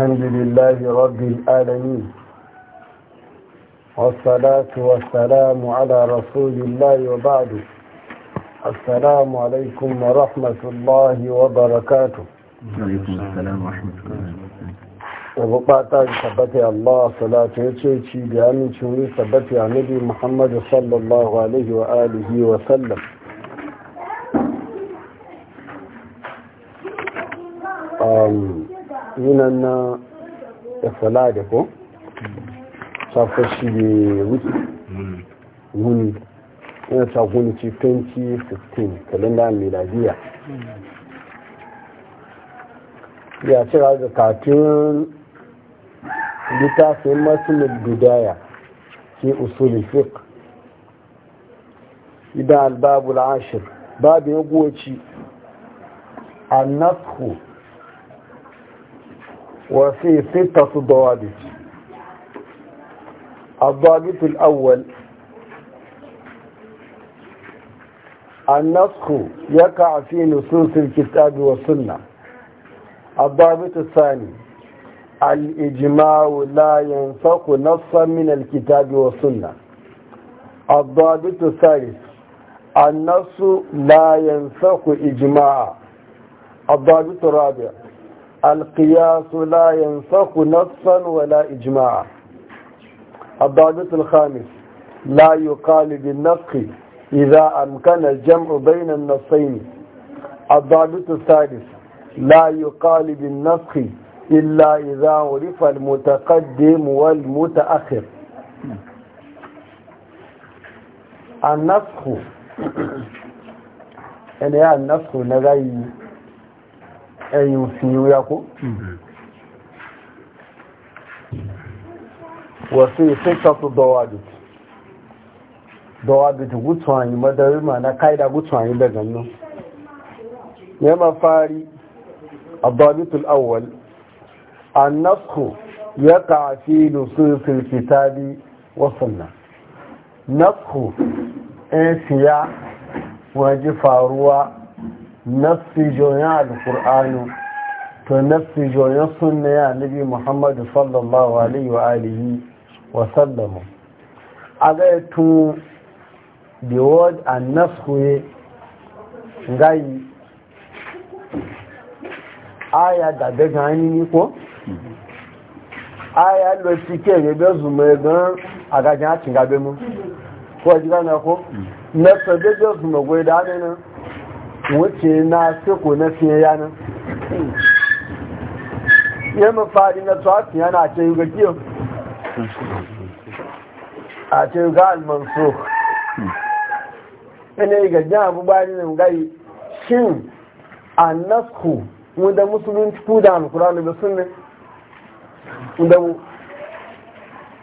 الحمد لله رب العالمين والصلاة والسلام على رسول الله وبعد السلام عليكم ورحمة الله وبركاته وعليكم السلام ورحمة الله وبقاتا ثبت الله صلاة يتشي بأمن شوني ثبت عن نبي محمد صلى الله عليه وآله وسلم Um... yunan na efala da ko safa shi ne wiki hmm. wuni yana ta wuni ci 2015 kalenda miladiya ya cira da katin littafin masu gudaya ke usulun fiqh idan albabul babu babin goci annasku وفي ستة ضوابط الضابط الأول النسخ يقع في نصوص الكتاب والسنة الضابط الثاني الإجماع لا ينفق نصا من الكتاب والسنة الضابط الثالث النص لا ينفق إجماع الضابط الرابع القياس لا ينسخ نصا ولا إجماعا الضابط الخامس لا يقال بالنسخ إذا أمكن الجمع بين النصين الضابط السادس لا يقال بالنسخ إلا إذا عرف المتقدم والمتأخر النسخ يعني إيه النسخ نغير ayyun siyu ya ku wasu sai ta su dawadut dawadut gutsuwanyi ma na kaida gutsuwanyi daga nan ya mafari abdalutul awwal annasku ya kafi nusurfin kitabi wasanna nasku in siya faruwa nassi joyan alkur'anu to nassi joyan sunna ya nabi muhammadu sallallahu alaihi wa alihi wa sallamu a ga tu the word and naskuye gayi aya da daga hannu ni ko aya lo ti ke zu zuma gan agajan atin gabe mu ko ji na ko na so zu zuma gwe da ne na wuce na suku na fiye yanin ya mafari na tsohon yana a yi kiyo a yi ga almanso ina yi gajiyar abubuwa ne gai shin a nasku wanda musulunci ku da na da sunni da mu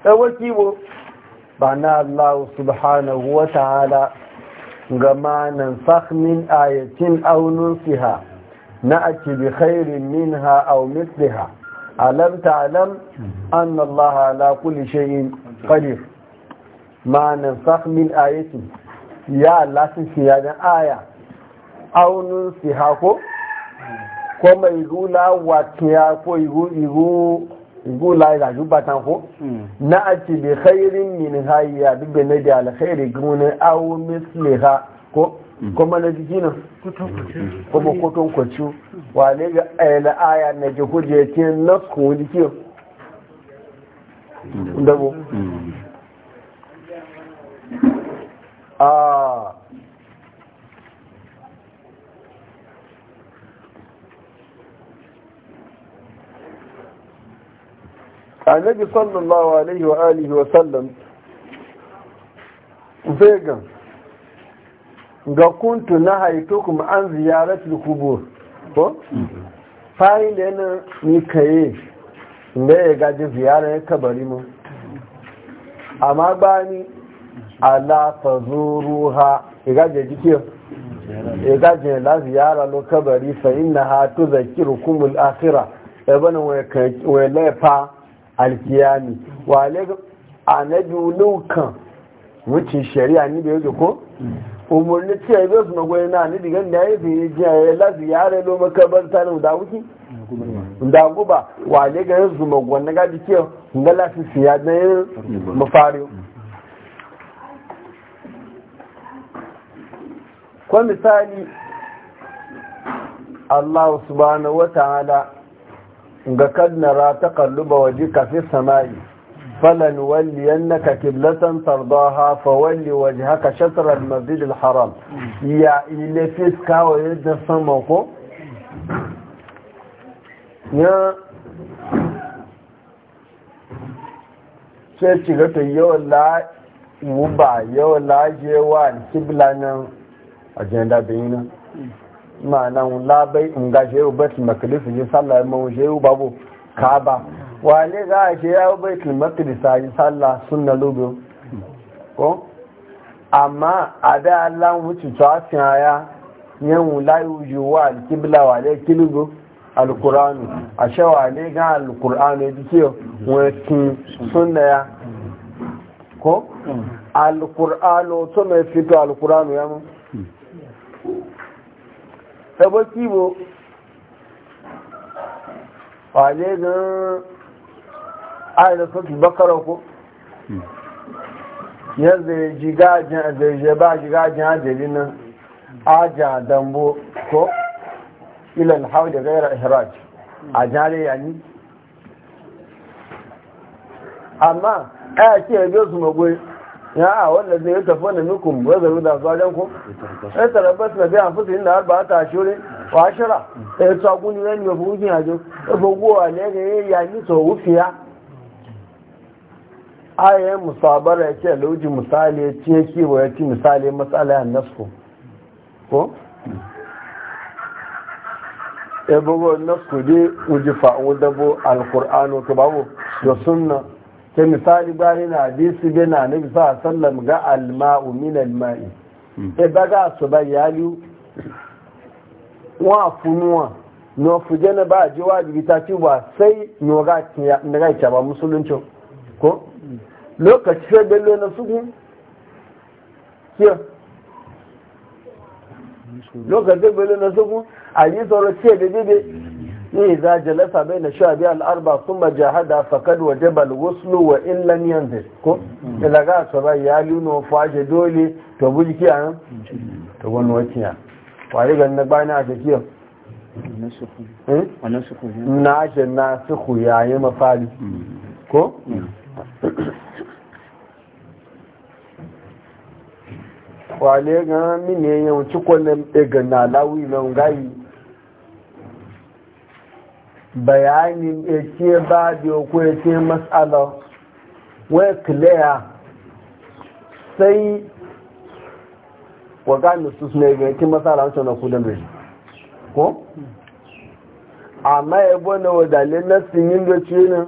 ɗawar kiwo ba na allahu subhanahu wa ta'ala gama nan min ayatin aunun siha na ake bi khairin minha aw misliha alam ta'lam anna allaha ala kulli shay'in qadir ma nan min ayatin ya lasin siya dan aya aunun siha ko ko mai rula watiya ko go lai da juba tan ko hmm. na ati bi khairin min hayya bi na da khairi gunin aw misliha ko ko na ko nan ko kotun wa wane ga ayyana aya na ji hujje hmm. ke na ko jiki ndabo hmm. ah annabi sallallahu alaihi wa alihi wa sallam vegan ga kuntu na haito kuma an ziyaratul kubo ko fayin da yana ni kaye da ya gaji ziyarar ya kabari mu amma bani ala fazuruha ya gaji jikiyar ya gaji la ziyara lo kabari fa inna ha tuzakkirukum kumul akhirah ya bana waya laifa alkiyami wa na biyu ulukan wucin shari'a ni da yake ko umarni ce zai su magoyi na ni digan da ya fi jiya ya lafi ya relo makabarta da wuki da guba wa lega yin su magoyi na gaji ke ga lafi fiya na yin mafari Kwa misali Allahu subhanahu wa ta'ala ga ta nara taqalluba wajhika fi samai falan walliyannaka qiblatan tardaha hafa wajhaka waje haka shatarar mazidil haram ya ile fiska wa yadda sama ko ya ce ci gata yawan la wuba yawan la jewa ma'anan labai in ga shehu baitul maqdis yin sallah mun shehu babu kaaba wale za a ce yawo baitul maqdis yin sallah sunna lubu ko amma ada Allah wuce to asin aya yan la yujuwa alqibla wale kilugo alqur'anu a shawa ne ga alqur'anu dike wani sunna ya ko mm. alqur'anu to mai fito alqur'anu ya mu ẹgbẹ́ tí wo wàlẹ́ gan-an àìlẹ́ tó tún bọ́kọ́rọ̀ kó yẹn zèrè bá jìgájìn àjèlì náà ájà dambo ko. da gaira ihraj a jare amma ẹ̀ kí ẹgbẹ́ òsùn ya wanda zai tafi da minkum wa zaru da zalan ku sai tarabbas na bi anfusi inda arba ta shuri wa ashara sai to aguni ne ne bu gin ajo bo go ale ga ya ni to ufiya aya musabara yake lauji misali ya ce ki wa ci misali matsala an nasku ko e bogo nasku dai uji fa'u dabo alqur'anu to babu da sunna ke misali bani na hadisi bi na nabi sa sallam ga alma'u min alma'i hmm. e baga so ba yalu wa funuwa no fuje na ba ji wajibi ta ci ba sai no ga na ga ta ba musulunci ko lokaci sai bello na sugun kiyo lokacin bello na sugun a yi tsoro ce da bebe ne za jalasa bai na sha biya al'arba sun majahada fakad wa jabal wasu wa in lam yanzu ko ilaga su ba ya luno fashe dole to buji kiya nan to wani wakiya kwari gan na bani a shakiyar na ashe na suku yi mafari ko kwale ga mini yawon cikon na lawi na ngayi bayanin ake ba da ko ya ce matsala wai clear sai waga nusus ne ga yake matsala wancan na kudin rai ko? amma ya bane wadalin na sinin da ce nan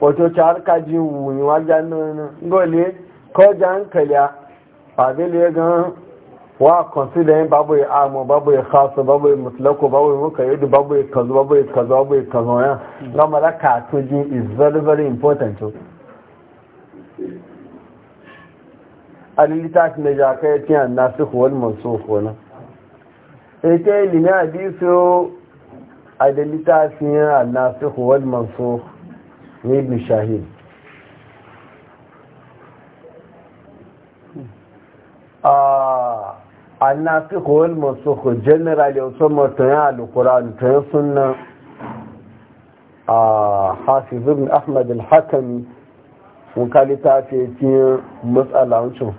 wato ta harka ji wuni wajen gole ko jan kalya ba ya gan wa consider yin babu ya amu babu ya khasu babu ya mutlaku babu ya muka yadda babu ya kazu babu ya kazu babu ya kazu ya hmm. na malaka to ji is very very important to alilita na jaka ya tiyan nasu kuwal masu e kona ita ilimi hadisu adalita fiye a nasu kuwal masu ne ibn shahid annasi kowal masu ku general yau sun matayen alukuran ta yi suna a hafizun ahmad al-hakan wukalita ce cikin matsalancin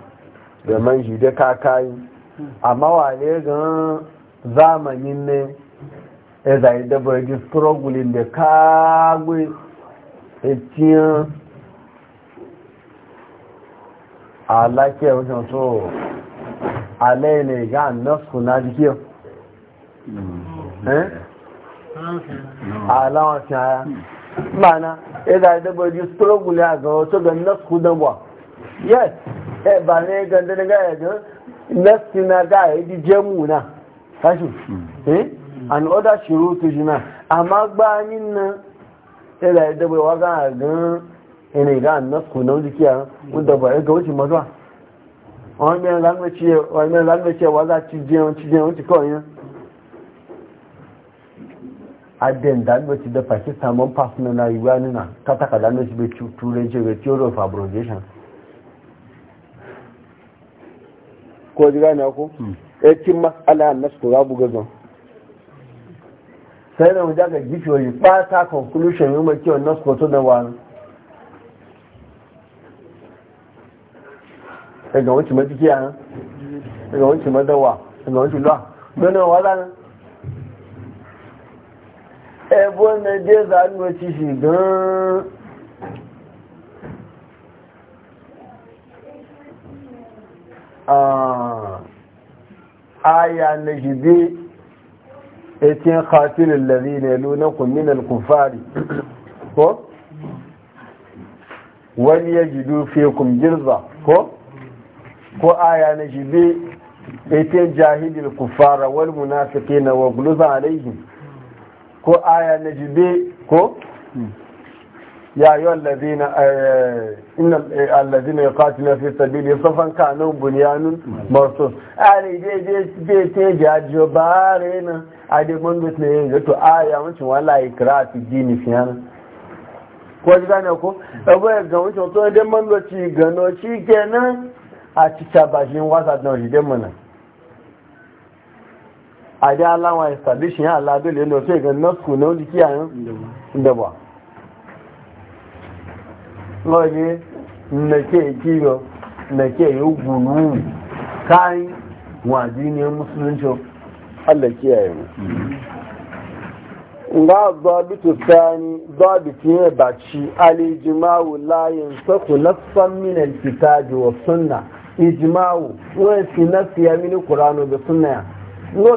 da man ji da kakayi amma wane gan zamanin ne ya zai da burgi struggling da kagwe cikin a lafiyar wajen so alẹ́ ilẹ̀ ìgá nọ́fù náà jí kíọ̀ aláwọn hmm. ti ara mana ẹgbà ìdẹ́gbẹ̀ẹ́jú strogul àgbà ọ̀tọ́ gẹ̀ nọ́fù dánwà yes ẹ̀bà ní gẹ̀ndẹ̀gẹ̀ ẹ̀gẹ́ nọ́fù náà gáà ẹ̀dí jẹ́mù náà fashion hmm. and other shurutu jina amma gbanin nan ila da bai waga gan ina ga nasu na wuce kiya wanda ba wọ́n mẹ́rin lánàáṣẹ́ wà láti jẹun ti jẹun ti kọ́ yẹn adẹ́ndà ti dẹ pakistan mọ́ pàṣínà ìwé ànínà kátàkàdá ló ti bẹ túrẹ́ jẹ́ rẹ̀ theory of abrogation kò sai da wajen ga gifiyar yi ba ta ẹ̀gàn ó ti mọ́ títí àrán gan-an aya na jibe etin khatilul ladina yalunakum min kun kuffari ko wal yajidu fikum jirza ko ko aya na jibe ta jahilin kufara wal munafiki na wa gluza alaihi ko aya na jibe ko ya yi wallazina eh, na eh, allazina ya kwati na fi sabili ya safan kanon bunyanun yi ali zai te jaji o ba rena a dey gwamnati na yin gato aya wancin wala yi kirafi gini fi yana ko ji gane ko abu abuwa ga wancin to ne dey gano shi kenan a cikin bashin wasa don ride mana a dai alawa establish ya ala dole yana sai ga nasku na wani kiyayen da ba lọ́yẹ́ nnẹ̀kẹ́ ìkírọ nnẹ̀kẹ́ ìgbùnú káyí wọn àdí ní musulunci allake yayi mu nga zabitu sani zabiti ne baci alijimawu layin saku nafsan minal kitabi wa sunna ijimawo wọn si nasu ya mini kur'anu da suna ya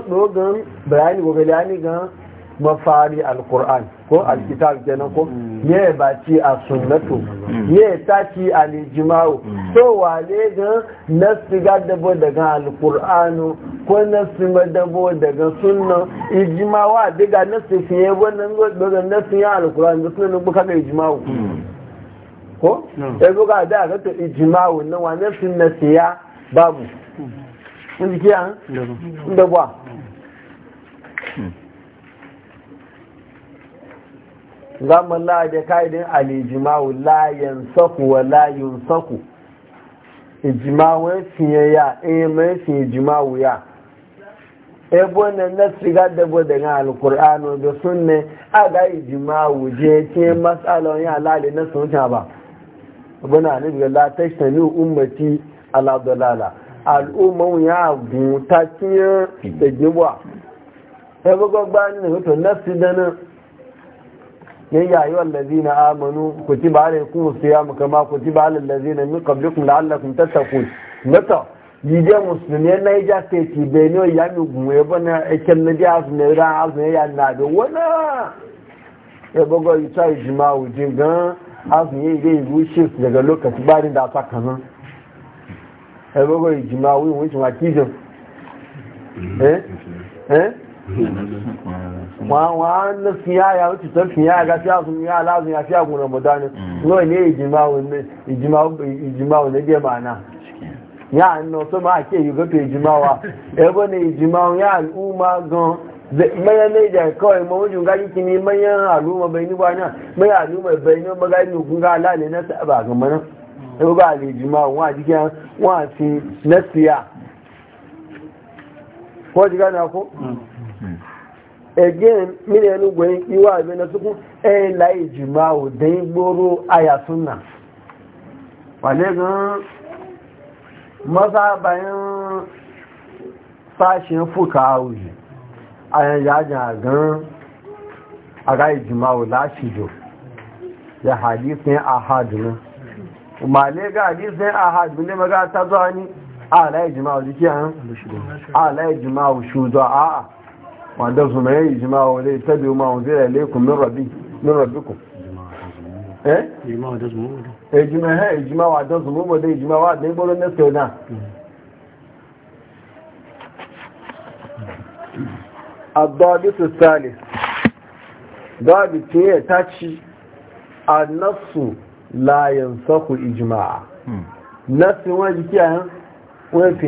dogon bayani gobe bayani ga mafari alkur'an ko alkitab kenan ko mm. ya ba ci a sunnatu mm. ya ta ci a lijima'u mm. so wale ga nasi gadabo daga alkur'anu ko nasi ma daga sunna ijimawa daga nasi fiye wannan dogon nasu ya alkur'an da suna ne buka ga ijima'u ko sai buga da ga to ijma'u nan wa na siya babu inda mm. ji kiyan inda eh? ba mm. zaman la da kaidin alijima'u la yansaku wa la yunsaku ijima'u fiye ya eh mai fiye ijima'u ya ebo na nasi ga da daga alkur'ano da sunne aga ijima'u je ke mm. matsalon ya lalai na sunta ba bana ne daga la tashtami ummati ala dalala al'umman ya ta kiyan da gibwa ya bugo gbani ne to nafsi dana ya yi ayyuwa lazina amanu ku ti ba da kuma su ya muka ma ku ti ba da lazina min kablikun la'allakun kun mata jide musulmi na yi jafe ti bai ni ya mi gumu ya bana ikin na biya su ne ran azu ya yana da wani ya bugo yi ta ijima wujin gan azumi zai rushe daga lokaci bayan da aka kanan ẹgbẹ́gbẹ́ ìjìmá wí wọ́n ìjìmá kíjọ wọ́n ní fìyàyà ó ti tọ́ fìyàyà sí àfúnmí aláàzùn àti àgùn ramadan lóò mm. ní ìjìmá ní gẹ́mà náà yáà náà tó máa kí èyí gọ́tọ̀ ìjìmá wa ẹgbẹ́ ni ìjìmá wọn gan. manyan naija kawai ma, mawajin gaji kini manyan al'umma bai ni bana mai al'umma bai ni magaji nukun ga ala ne na saba ga mana yau ga alijima wa jikin wa fi na siya ko jiga na ko hmm. again mini yanu gwayin iwa abin na sukun ɗayan layi jima'u don gboro aya suna wane gan maza bayan sashen fuka a wuce ayan ya jagan a rayu jima'u lashido da hadisun ahadunu ma ne ga hadisun maga ta zuwa ni a rayu jiki an a rayu jima'u shuzo a a wanda su mai jima'u zai tabi ma'u rabi eh da الضابط الثالث ضابط هي تاتشي النص لا ينسخ إجماع نص وين كان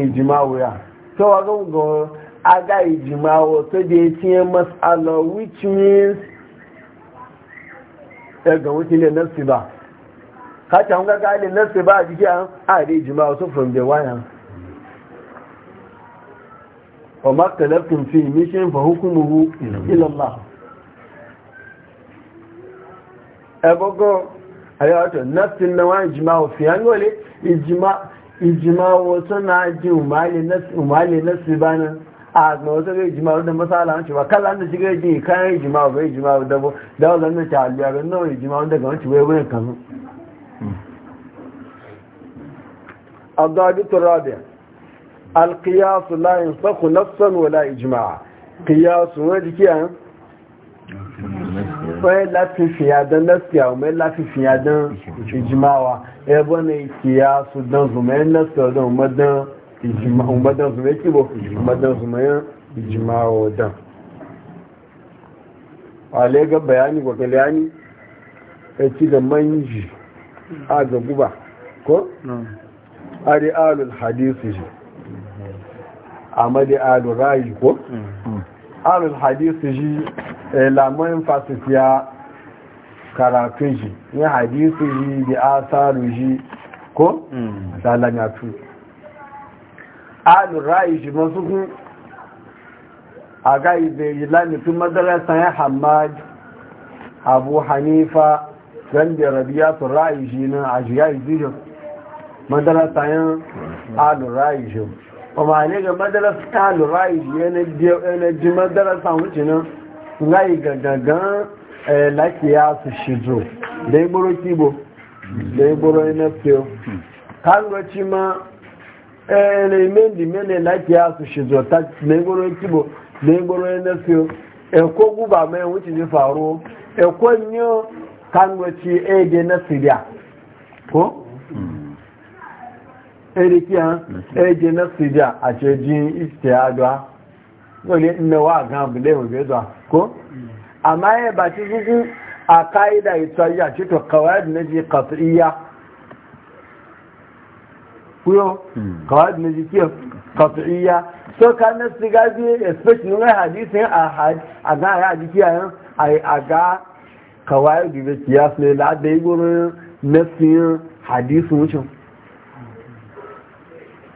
إجماع ويا سوى أقول aga ijimawo to da ya tiye which means ẹgbẹ̀rún wuce ne nasi ba kacin hanga ga ne nasi ba a jiki an fún ìjẹ̀wáyàn wa maktalaftun fi mishin fa hukumuhu ilallah ẹgbogbo ayọ́tọ̀ nafsin na wọ́n ìjìmá òfin angole ìjìmá wọ́tọ́ na jí umarle nasi bá na àgbà wọ́tọ́ ga ìjìmá rúdà masala wọ́n cewa kala da shiga jí kayan ìjìmá ọ̀bẹ̀ ìjìmá rúdà bó dáwọ́ zanen ta aliyarun náà ìjìmá rúdà ga wọ́n القياس لا saku نفسا wala ijima'a قياس wani jikiya wani lafifiya don naskiya wani lafifiya don ijimawa ebe ne kiyasu don zumayen naskiya don umardan zumayen kibo umardan zumayen ijimawa don wale ga bayani ci da a ga guba ko? ari alul amadi alurayi ko mm. arun hadisi ji eh, lamun fasifiya karatu ji ya hadisi ji bi asaru ji ko salamatu mm. alurayi ji masu kun a ga ibe ilamitin madarasa ya hamad abu hanifa zan da rabia su ra'ayi ji nan a jiya izijin madarasa yin alurayijo ọmọ ne ga madarasa alurayijo yana ji madarasa wuce nan layi gagagan eh, lafiya su shizo da ya gboro kibo da ya gboro yana fiyo kanwaci ma elemen eh, di mene lafiya su shizo ta da ya gboro kibo da ya gboro yana fiyo ẹkọ e guba mai wuce ji faru ẹkọ e nyo kanwaci ege eh, na siriya ko? eri kiyan eje na sija a cejin istiyadwa wani nnawa gan bule mu bezo ko amma ya ba ci zuzu a kaida ita ya ci to qawaid na ji qat'iyya kuyo qawaid na ji kiyo qat'iyya so ka na siga bi especially ne hadisin a had a ga ya ji kiyan ai a ga qawaid bi kiyas ne la dai gurin nasiyin hadisin wucin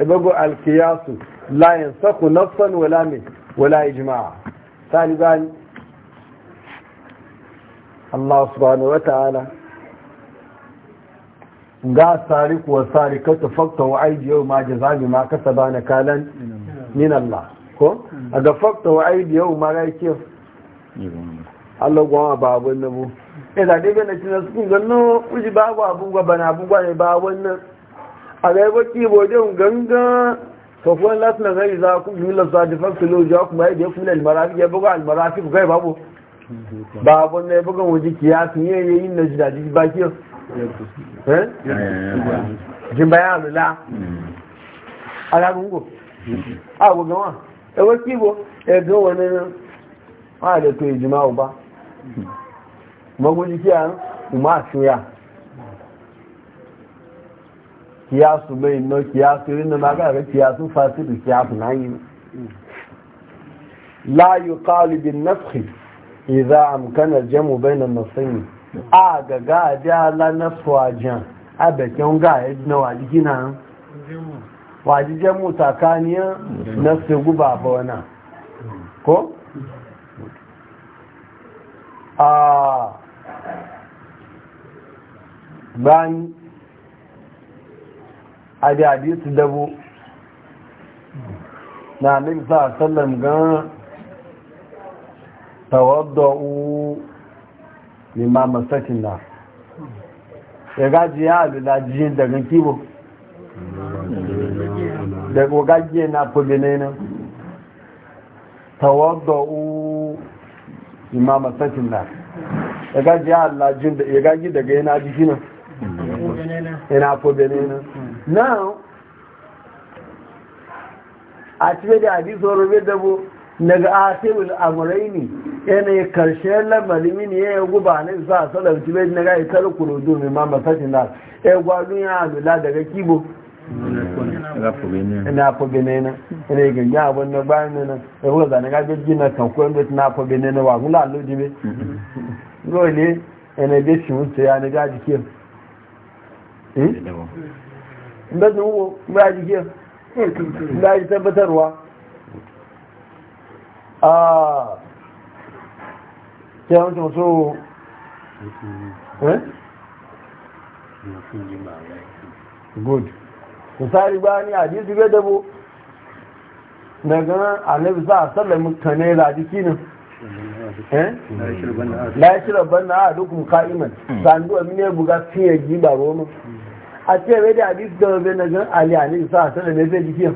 ibago alkiyasu la yansaku nafsan wala mai wala ijma'a taliban Allah subhanahu wa ta'ala ga sariku wa sarikatu fakta wa aidi yau ma jazabi ma kasaba na kalan min Allah ko a ga fakta wa aidi yau ma ga ke? Allah goma ba abun nabu eh da dai ga na cikin ganno kuji babu abun gaba na abun gwa ne ba wannan a ga yabo kibo don ganga sofon latin zai za ku yi lasa da lo ja kuma yadda ya kula almarafi ya buga almarafi ku kai babu ba abun na ya buga waje ya yi yayin na ji daji ba kiyo eh? jin bayan alula alagungo a gugan wa yabo bo ya ga wani ma da to jima'u ba magwaji kiyasu umar shuya kiyasu mai no kiyasu da na ga kiyasu fasidu kiyasu na yi la yi kalibin nafi iza amkanar jamu bainan nasayn a ga ga da la wajen abakin ga ya e na waji na waji jamu takaniya na guba ba wana ko a bani abi da hadisu dabo na nabi sa sallam gan tawadda'u lima masakin na ya gaji ya alula jiyin daga kibo daga gajiye na kubine nan tawadda'u lima masakin na ya gaji ya alula jiyin daga yana jiki nan yana kubine nan now a cikin da rufe dabo daga asirul amuraini yanayi karshen lamarin ne ya guba na isa a salar na gaya kar kuro domin ma masashin na ya gwadun ya alula daga kibo ina na gangan abin na bayan nuna ya buga zane ga na kankuwan da na na wakun lalo jibe dole shi ya na gaji ba su hugo ba ji ke ba ji tabbatarwa a kyawun maso eh good misali ba ni hadisi bai dabo daga annabi sa sallam kane da jiki nan eh la yashrabanna ahadukum qa'iman hmm. sandu ya buga fiye ji ba roma a ce wai da hadis da wai na gan ali ali sa ta da mai zai jikin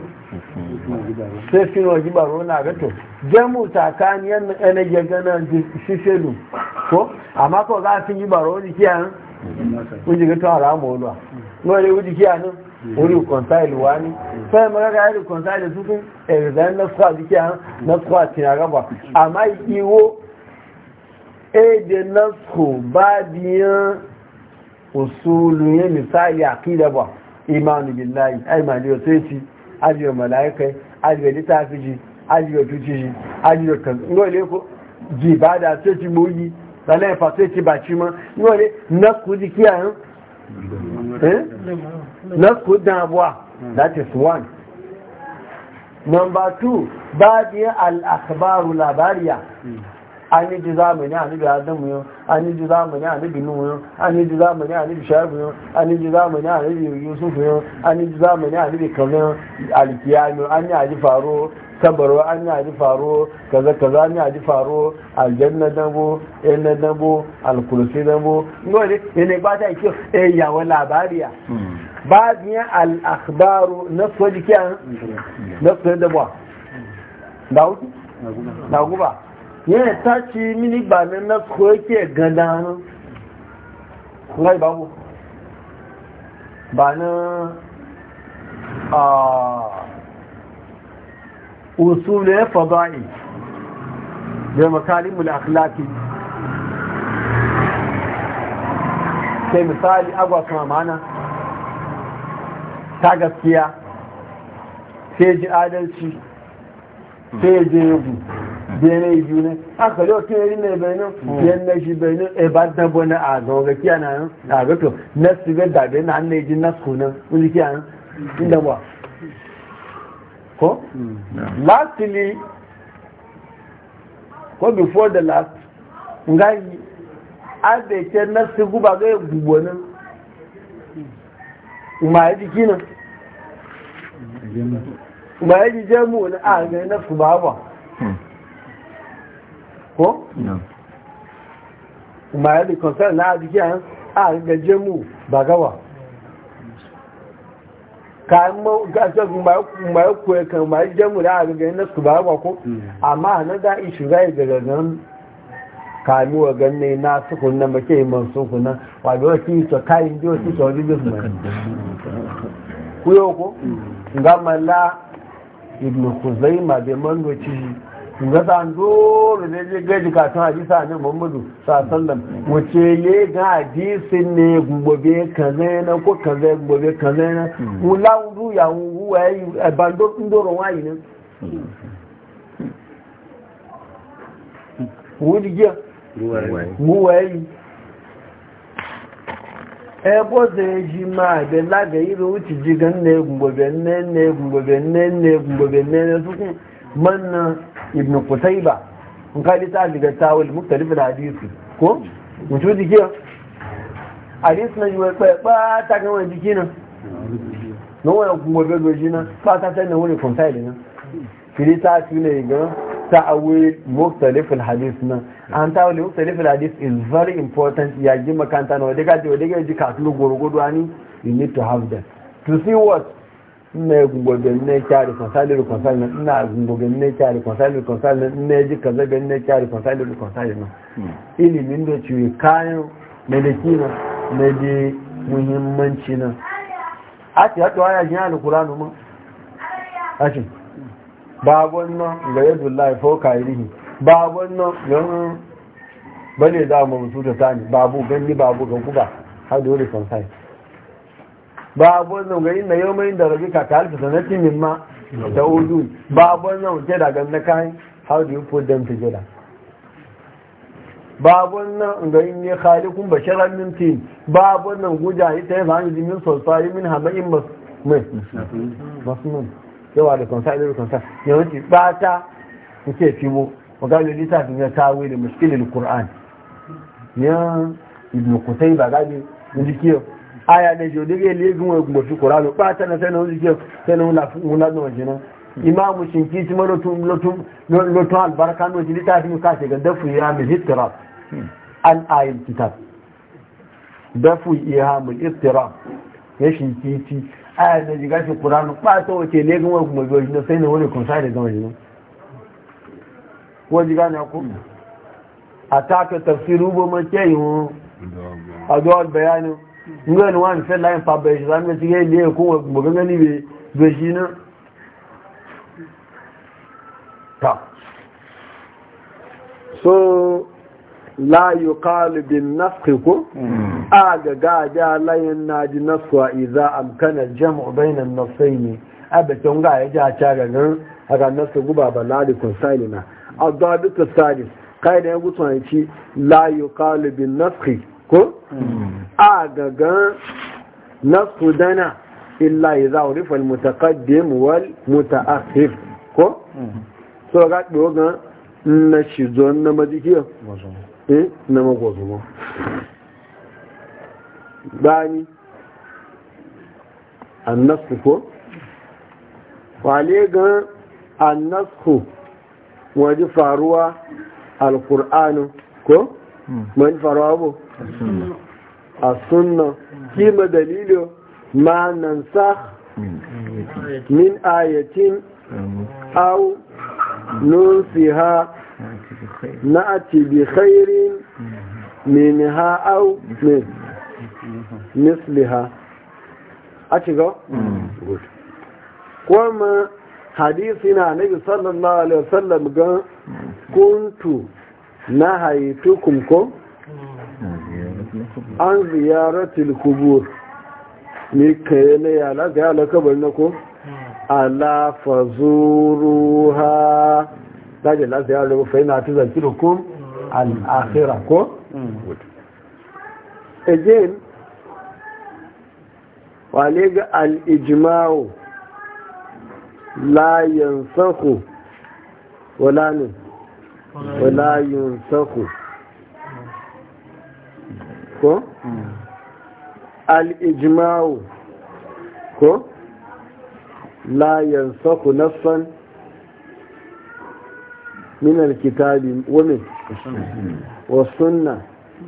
sai shi wa ji baro na ga to jamu takaniyan na ne ga gana shishelu ko amma ko ga sun yi baro ni kiyan kun ji ga to haramu wala ngore wuji kiyan wuri konsaili wani sai maka ga yadda konsaili su sun erzan na kwa jiki a na kwa tinagaba amma iwo e de nasu ba biyan usulu ya misali aqida ba imanu billahi ai ma liyo sai ci ajiyo malaika ajiyo litafi ajiyo tuci ajiyo kan ngole ko ji bada sai ci moyi sale fa sai ci baci ma ngole na ku ji kiya eh, eh? na ku da abwa that is one number 2 Badia al akhbaru labariya an yi ji zamani a nabi adamu yau an yi ji zamani a nabi nuhu yau an yi ji zamani a nabi shafi yau an yi ji zamani a nabi yusuf yau an yi ji zamani a nabi kamar alkiyami an yi aji faro sabaro an yi aji faro kaza kaza an yi aji faro aljanna dambo yana dambo alkulsi dambo ngole yana ba ta kyau eh yawo labariya hmm. ba biyan al-akhbaru na sojikiya hmm. na sojikiya da ba da guba yẹn tàṣí mí nígbà náà kó kí ẹ̀ gan dáná ńlá ìbáwò bà náà usulẹ̀ fọ̀báyì da makalimul akhlaqi sai misali agwa kuma mana ta gaskiya sai ji adalci sai ji yugu bene biyu aka yau tun yi ne bai nan yan na shi bai nan e ba ta bane a ga ga kiya na nan a ga to na su ga dabe na nan ne na su nan wani kiya nan inda ba ko lastly ko before the last nga yi a da ke na su guba ga gubo nan ma yi jiki nan ma yi jiki jemu na a ga na su ba ba ko? ma yadda concern na ajiyar a gajen mu ba gawa kayan gasar mai kuwa kan mai jemu da aga gani nasu ba ba ko amma na da ishi zai daga nan kami ganne na sukun na make man sukun na wa wasu to kayan jiyo su to wajen mai kuyo ko ga mala ibn kuzaima bai man doci ga tsandoro ne je gaji katon hadisa ne muhammadu sallam wace ne ga hadisin ne gobe kaza na ko kaza gobe kaza na hmm. wula wudu ya wuwa ya yi bando ndoro wayi ne wudi giya wu ya yi ebo zai ji ma da laga yi da wuce jigan ne gobe ne ne gobe ne ne gobe ne ne sukun manna ibn qutayba in ka lita daga tawil muktalif hadisi ko mutu jiki hadisi na juwa kwaya ba ta kan wani jiki nan na wani kuma gagoji nan ba ta tsaye na wani na? nan filita su ne ga ta'awil an ta'awil muktalif hadis is very important ya makanta na wadda gaji wadda gaji kasu you need to have that to see what ina gumbo nne ne kyari konsali reconcile na ina gumbo nne ne kyari konsali reconcile na ina ji kaza nne ne kyari konsali reconcile na ilimin da ciwe kayan na na da muhimmanci na a ce haɗu haya jin alkuranu ma a ce babon nan ga yadda lai fauka irihi babon nan ga za mu mutu da babu gani babu ga har da babon nan gari na yau mai da rage ka ta alfi sanatin min ma da udu babon nan ke da ganna kai how do you put them together babon nan gari ne khaliqun basharan min tin babon nan guja ita ya zan min sulfari min hamain bas mai masnun yawa da konsa da konsa yawanci bata kuke fimo magana littafin ya tawo da mushkilul qur'an ya ibn qutayba gadi injikiyo aya ne jo dege le gun egun bo fi qur'an pa ta na se na ji se na fun la no jina imam shinki ti mo lotum lotum lotum al baraka no ji ta fi ka se ga dafu ya mi hitra an ayil kitab dafu ya mi hitra ya shinki ti aya ne ji ga fi qur'an pa ta o ke le gun egun bo jina se na wole kon sai de gan jina ko ji ga na ko ataka tafsiru bo ma ke yi wọn adọ́ ngani wani fẹ́ láyé pa bẹ̀rẹ̀ ṣe láti gẹ́ ko ẹ̀kọ́ gbogbo níbi gbèṣì náà ta so láyò kálùbí náfẹ́ kó agaga ajá aláyẹn náà di náfẹ́ ìzá amkanar jam'u bainan náfẹ́ ne abẹ̀tẹ̀ ga ya a ca gagan guba ba láàrin kọsáìlì na a duka ya gutu a ci ko a gagan na sudana illa ya za a rufe mutakaddim wal mutaakhir ko so ga ga na shizon na majikiyo eh na magwazumo bani annasu ko wale an annasu waje faruwa alkur'anu ko? Hmm. Wani faruwa bu? a sunna kima dalilin ma nan min ayatin au nunsiha na ati bi khairin ha au min misliha a cigo? kuma hadisi na nabi sallallahu alaihi wasallam gan kuntu na haitukum ko? an ziyaratul kubur ni kai na yala ga la kabar na ko ala fazuruha da je la ziyaru fa ina ta zakirukum al akhirah ko again wale ga al ijma'u la yansahu wala ne wala yansahu ko al-ijma'u ko la yansaku nassan min al-kitabi wa min wa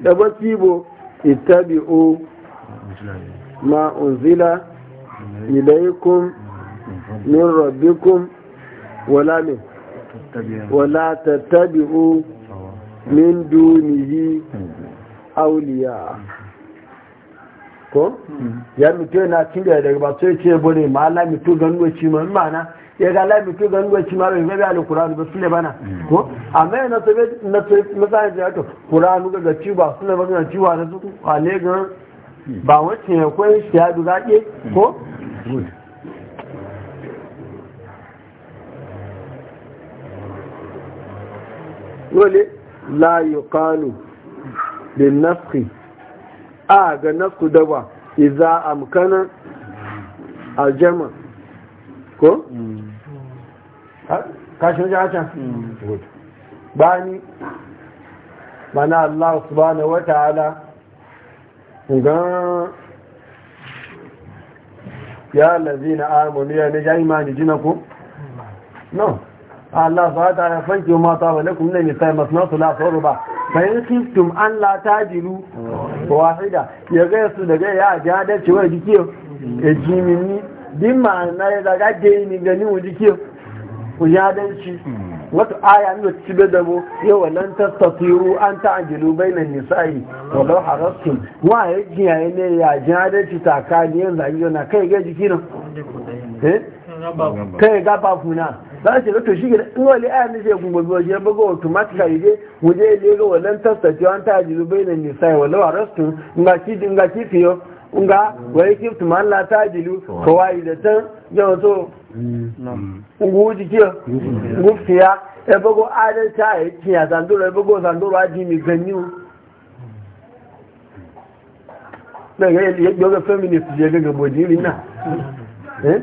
da batibo ittabi'u ma unzila ilaykum min rabbikum wala min wala tattabi'u min dunihi auliya ko ya mutu yana cin daga ba sai ce bane ma Allah mutu ci ma mana ya ga Allah mutu ci ma bai ga alqur'ani ba sule bana ko amma na to na to misali da to qur'ani ga gaci ba sule ba ga ciwa da su kwale ga ba wacce ya koyi shi ya duga ke ko wale la yuqalu bin nafki a ga nafku daba iza amkana aljama ko? kashin mm. Ba ni. mana Allah subhanahu wa ta'ala gan ya lazina amonu ya ne ya imani jina ku? Mm. no Allah subhanahu wa ta'ala fanki ma ta wa lakum ne misali masu nasu la ba bayan kristum an lata jiru wahida ya gaya su daga ya ja da cewa jike ya ji mini bin ma'ana ya zaga da yi ni gani wa jike ku ya dan shi wata aya ne ci da mu yau wannan tastatiru an bai nan nisa'i wa law harastum wa ya ji ya ne ya ji da shi takani yanzu a kai ga jiki nan kai ga bafuna za su ga to shi gida in wani ayan da shi gungo biyu je buga automatica ide wuje ne ga wannan tattace an ta jiru bainan nisa'i walau arastun nga ki dinga ki fiyo nga wai ki tuma Allah ta jiru kawai da tan yawan to mm. nguji kiyo mm. gufiya e bugo adan ta yi mi ganyu feminist je ga na mm. eh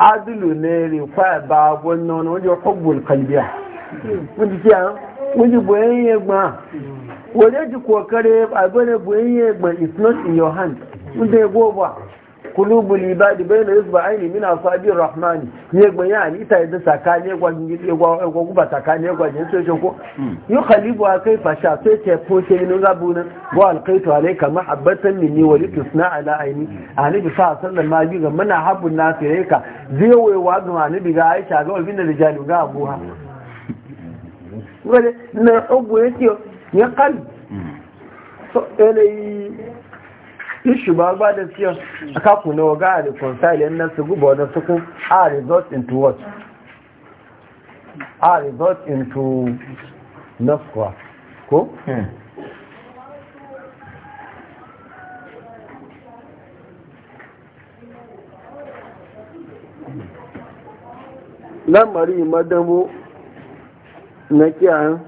adulu ne rifa ba gwanna wani wajen hubbul kalbiya wani kiya wani buyan ya gba wani ji kokare a gwani buyan it's not in your hand wanda ya goba kulubu libadi bai na yusufa aini mina fabin rahmani ne gba ya ni ta yadda tsakani ya guba ne gwa gwajin sai shi ko yi khalibu a kai fasha sai ce foshe yi nuna bunan wa alqaitu alayka mahabbatan minni wa litusna ala aini ani bi sa sallan ma bi ga mana habun na fere ka zai waiwa ga ma ni bi ga aisha ga wabin da rijalu ga abuha. Wale na ogun ya ya kan so ele issue ba ba da siyan aka kuna wa ga reconcile yan su na su kun a result into what a result into nafkwa ko? lamari madamu na kiyayen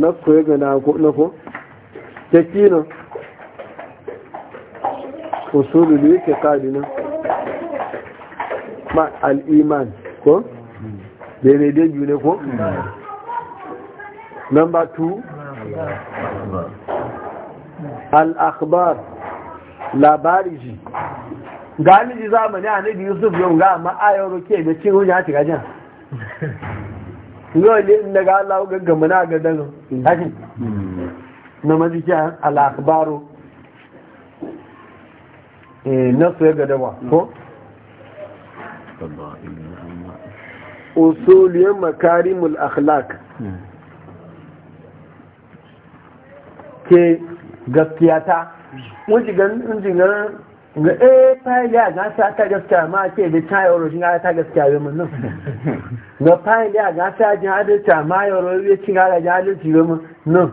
nafkwa ya gana ko na ko? ta kino usulu da yake kadinin ma al'iman ko? daidai biyu ne ko? namba 2 al'akbar labari ji gani ji zamani a nabi yusuf yau ga amma ayon roke da cin hujja a cikin yau ne inda ga allahu gaggama na gadanin hmm. na majikiyar al'akbaro Eh, nasu ya ga dama ko? usuliyar makarimul akhlaq ke gaskiya ta? gaskiyata wujigar ga eh failiya ga sa ta gaskiya ma ce da ta yaro shi ta gaskiya bai mun nan ga failiya ga sa jihadin ta ma yaro ya ci ga jihadin ci bai mun nan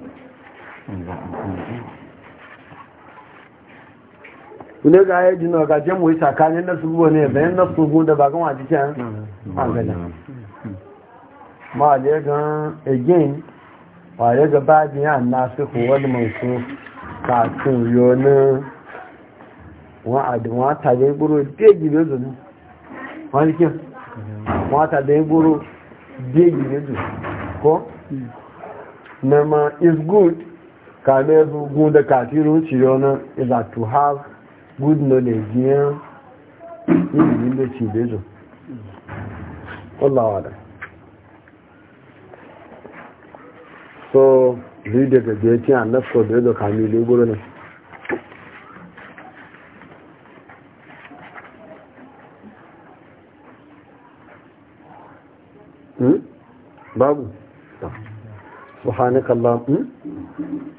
ne ga ya jina ga jan wai tsakanin na subuwa ne bayan na subu da ba kan wajen an gada ma ya ga again ba ya ba na su ko wani mansu kafin yonin wa'adin wata dị ya buru biya ya kame gun da katiru ci yana is that to have good knowledge yin ilimin da ci bezo wallawa da so zai daga jeci a nafso da yanzu kamilu guru ne hmm? babu subhanakallah hmm?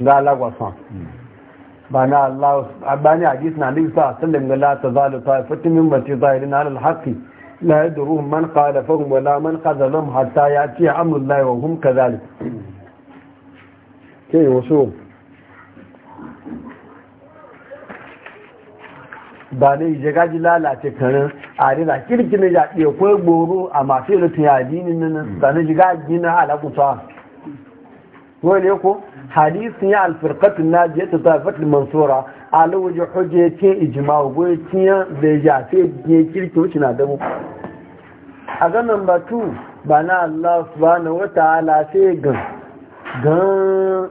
ga alagwasan ba na Allah abani hadis na nabi sa sallam ga la tazalu ta'ifatu min mati zahirin ala al-haqqi la yadruhum man qalafahum wa la man qadalahum hatta yati amrullahi wa hum kadhalik ke wasu ba ne je gaji lalace karin a rira kirkina ya ɗe kwai goro a masu ilutun yadinin nan da na jiga gina alakuta wani ko hadisin ya alfirkatun na je ta zafatul mansura alwaje hujje ce ijma goyi tiya da ya ce ne kirki wuce na dabu a ga namba 2 ba na Allah subhanahu wa ta'ala sai gan gan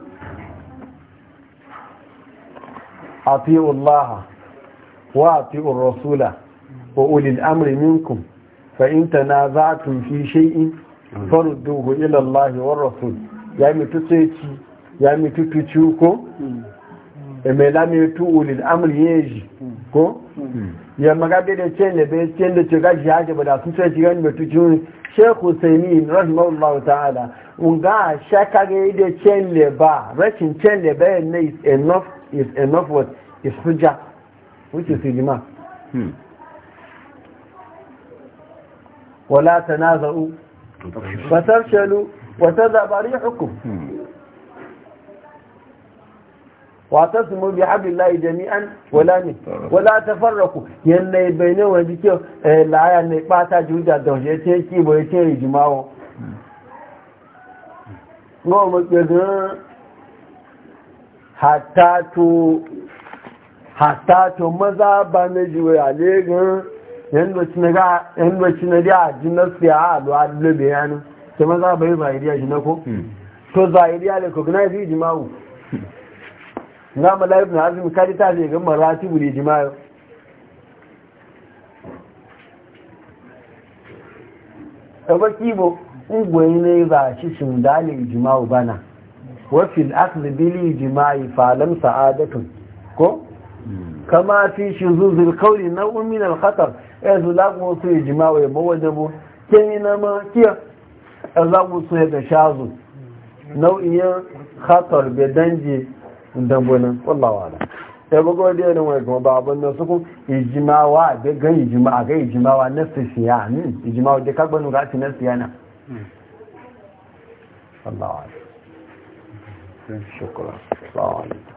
ati'u Allah wa a ati'u rasula wa ulil amri minkum fa in tanaza'tum fi shay'in farudduhu ila Allah war rasul ya mutu sai ci ya mi tutu ci ko mai hmm. lami tu ulil amri yeji hmm. ko hmm. ya magabe da ce be bai ce gaji haje bada ya ce ba da sun sai shiga ne tutu sheikh husaini rahimahullahu ta'ala unga shaka ga da ce ba rashin ce ba ne is enough is enough what is hujja which is ijma wala tanaza'u fatafshalu wa bari hukum. واعتصموا بحبل الله جميعا ولا من ولا تفرقوا ينه بينه وجيكو لا يا باتا جوجا دوجه تيكي بو يتي جماعو ngo mo gbẹ̀gbẹ̀ hatato maza ba na jiwe a legan yanzu na da a ji na siya a aluwa lobe yanu maza bai zahiriya shi na ko to zahiriya le kognize yi jima'u na malayi na azumi kaji ta ce gan maratibu ne jima'i ɗaba kibo ungwani ne ba shi sun dalil jima'u bana wafin asibili jima'i falon sa'adatun ko kama fi shi zuzul kauri na umin alkhatar yanzu eh, lagun wasu yi jima'u ya bawa dabo kemi na ma kiya yanzu eh, lagun su ya ga shazu nau'in khatar bedanji dan bonan wallahi wala sai bugo da yana wai kuma babban nan su ijimawa da gan ijimawa ga ijimawa na sisiya ni ijimawa da ka gbanu ga na sisiya na wallahi wala shukran